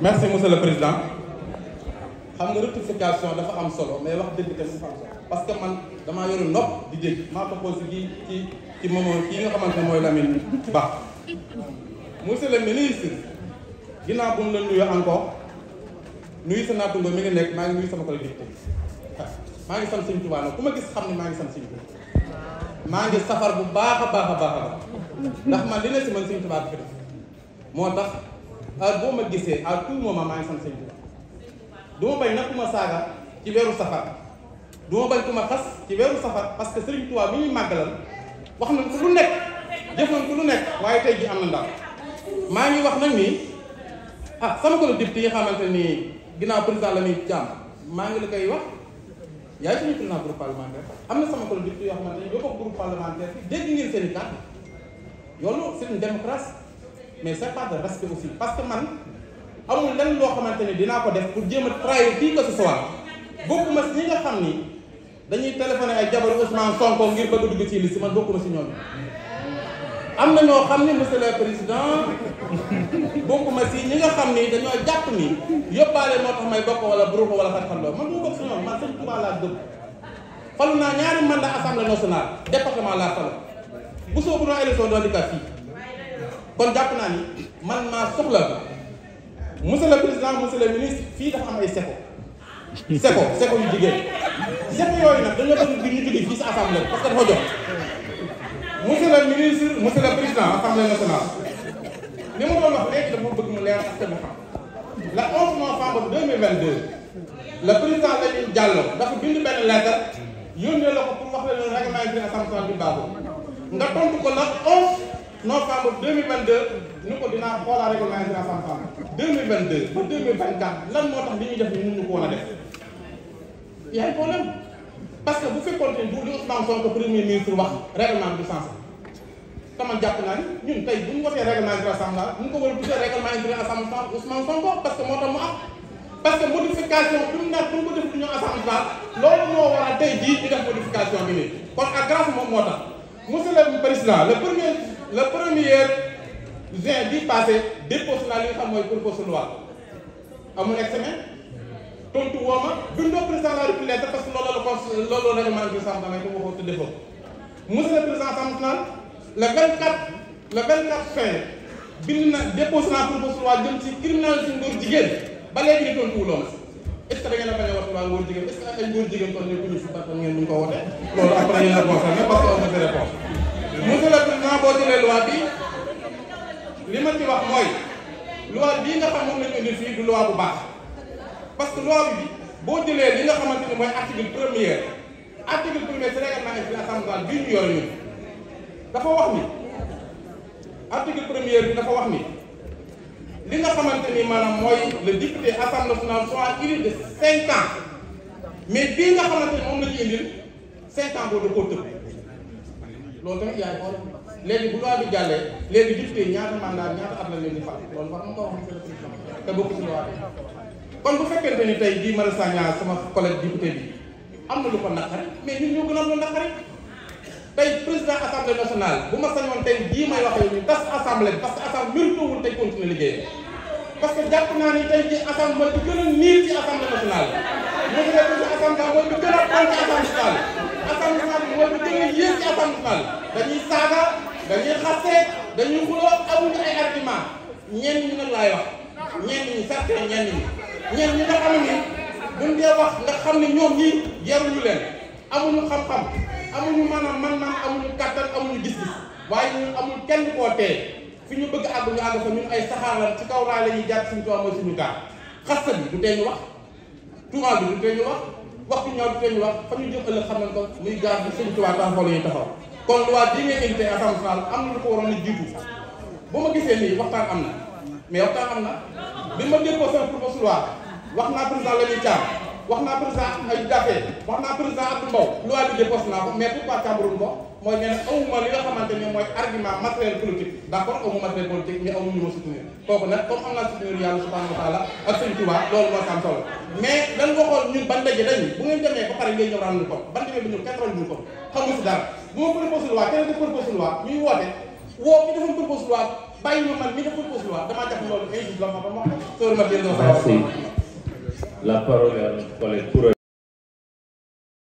merci monsieur le président xam nga rectification dafa am solo mais wax dëgg te am solo parce que man damaa yoru ndox di dégg maa ko posé ci ci ci moomoo kii nga xamante ne mooy Lamine Ba monsieur le ministre ginnaaw bu mu la nuyoo encore nuyu sa naatungoo mi ngi nekk maa ngi nuyu sama collègue député maa ngi sant Sëñ Tuubaa nag ku ma gis xam ne maa ngi sant si Tuubaa maa ngi safar bu baax a baax a baax a baax ndax man si man Sëñ Tuubaa def moo tax heure boo ma gisee à tout moment maa ngi sant sëñ Tuubaa du ma bañ nag ku ma saaga ci weeru safar du ma bañ ku ma xas ci weeru safar parce que sëriñ Tuubaa bi ñuy màggalal wax nañ ko lu nekk jëf nañ ko lu nekk waaye tey ji am na ndax maa ngi wax nag nii ah sama ko député yi xamante nii ginnaaw président la muy jàmm maa ngi la koy wax yaay suñu président groupe am na sama ko député yoo xamante ni yoo ko groupe parlementaire dégg ngeen seen i kàddu loolu c'est une mais c'est pas de respect aussi parce que man amul lenn loo xamante ni dinaa ko def pour jéem a trahir kii que ce soit bokkuma si ñi nga xam ni dañuy téléphoné ay jabaru Ousmane Sonko ngir bëgg dugg ci liste si ñooñu. na ñoo xam ni monsieur le président bokkuma si ñu nga xam ni dañoo jàpp ni yóbbaale moo tax may bokk wala buruuxu wala xar-xar loolu man du bokk si ñoom man sëñ Touba laa gëm. falu naa ñaari mandat assemblée nationale département laa falu bu ko doon élection doon di kat fii. kon jàpp naa ni man maa soxla monsieur le président monsieur le ministre fii dafa am ay seko seko seko mu jigéen seko yooyu nag dañoo doon bi ñu jógee fii si assemblée parce que dafa jot monsieur le ministre monsieur le président assemblée nationale li ma doon wax léegi dama bëgg mu leer askan bi xam le 11 novembre 2022 le président Lamine Diallo dafa bind benn lettre yónnee la ko pour wax la leen règlement bi assemblée bi baaxul nga tontu ko la novembre 2022 ñu ko dinaa xoolaa règlement intérieur femme 2022 ba 2024 lan moo tax li ñuy def ni mënuñu ko woon a def yaay problème parce que bu fekkoon ne bu li Ousmane Sonko premier ministre wax règlement du sens te jàpp naa ni ñun tey bu ñu wootee règlement mu ko war a tuddee règlement intérieur assemblée Ousmane parce que moo tax mu am parce que modification bi mu nekk pour ko def du ñu assemblée loolu moo war a tey bi nii kon ak moo tax monsieur le président le premier juin bi passé dépose naa li xam mooy proposition de loi amul tontu woo ma bindoo président de la République lettre parce que loolu la ko loolu la règlement bi Samb damay ko waxoon te defoo monsieur le président Samb national le 24 le 24 fin bind na dépose naa proposition de loi jëm ci criminalisation ngóor jigéen ba léegi ni tontu wuloo ma est-ce que a a wax waa ngóor jigéen est-ce que ay ngóor jigéen kon ne si ngeen buñ ko wote loolu après yéen a concerné parce que on a des monsieur le président boo jëlee loi bi li ma ci wax mooy loi bii nga xam moom la ñu indi fii du loi bu baax parce que loi bi boo jëlee li nga xamante ni mooy article premier article premier ci règlement intérieur bii ñu yore dafa wax ni article premier bi dafa wax ni li nga xamante ni maanaam mooy le député assemblée nationale soit élu de cinq ans mais bii nga xamante ni moom la indil cinq ans koo tëb loolu tamit yaay xool léegi bu loi bi jàllee léegi député ñaata mandat ñaata at la leen di na le président te bokk ci loi kon bu fekkente ni tey jii Mara Sagna sama collègue député bi am na lu ko naqari mais ñun ñoo gën a am lu naqari tey président assemblée nationale bu ma sañoon tey jii may wax yow tas assemblée bi parce que assemblée méritoowul tey continuer liggéey parce que jàpp naa ni tey jii assemblée mooy bi gën a niir ci assemblée nationale mooy bi gën a assemblée mooy bi gën a Assane Fall boo ñu gën a yéeg ci Assane Fall dañuy saaga dañuy xaste dañuy xuloo amuñu ay argument ñenn ñi nag laay wax ñenn ñi certains ñenn ñi ñenn ñi nga xam ni buñ dee wax nga xam ne ñoom ñii yaruñu leen amuñu xam-xam amuñu maanaam man-man amuñu kàttan amuñu gis-gis waaye ñun amul kenn koo tee fi ñu bëgg àgg ñu àgg fa ñun ay saxaar ci kaw raa la ñuy jàpp suñu toit mooy suñu gaar xasta bi du tee ñu wax tuuma bi du tee ñu wax wax ku ñaaw di ñu wax fa ñu jëm ëllëg xam nañ ko muy gaar bi sëñ Tuubaa taxaw la ñuy kon loi bii nga indi tey Assemblée nationale am na lu ko waroon a jiitu bu ma gisee nii waxtaan am na mais waxtaan am na bi ma déggoo sama proposition loi wax naa président la ñuy caar wax naa président ay Daffé wax naa président Abdou Mbow loi bi dépose naa ko mais pourquoi Cameroun ko mooy nee na awuma li nga xamante ne mooy argument matériel politique d' accord awuma matériel politique mais amuñu ma soutenir kooku nag comme am naa soutenir yàlla subhanahu wa taala ak sëñ Touba loolu moo sam solo mais dañ waxoon ñun ban daje dañu bu ngeen demee ba pare ngay ñëw ràññu ko ban daje bi ñun kenn ràññu ko xamu si dara bu ma propose loi keneen di propose loi ñuy woote woo ki defoon propose loi bàyyi ma man mi def propose loi damaa jàpp loolu injuste la ma ba ma sóor ma La parole est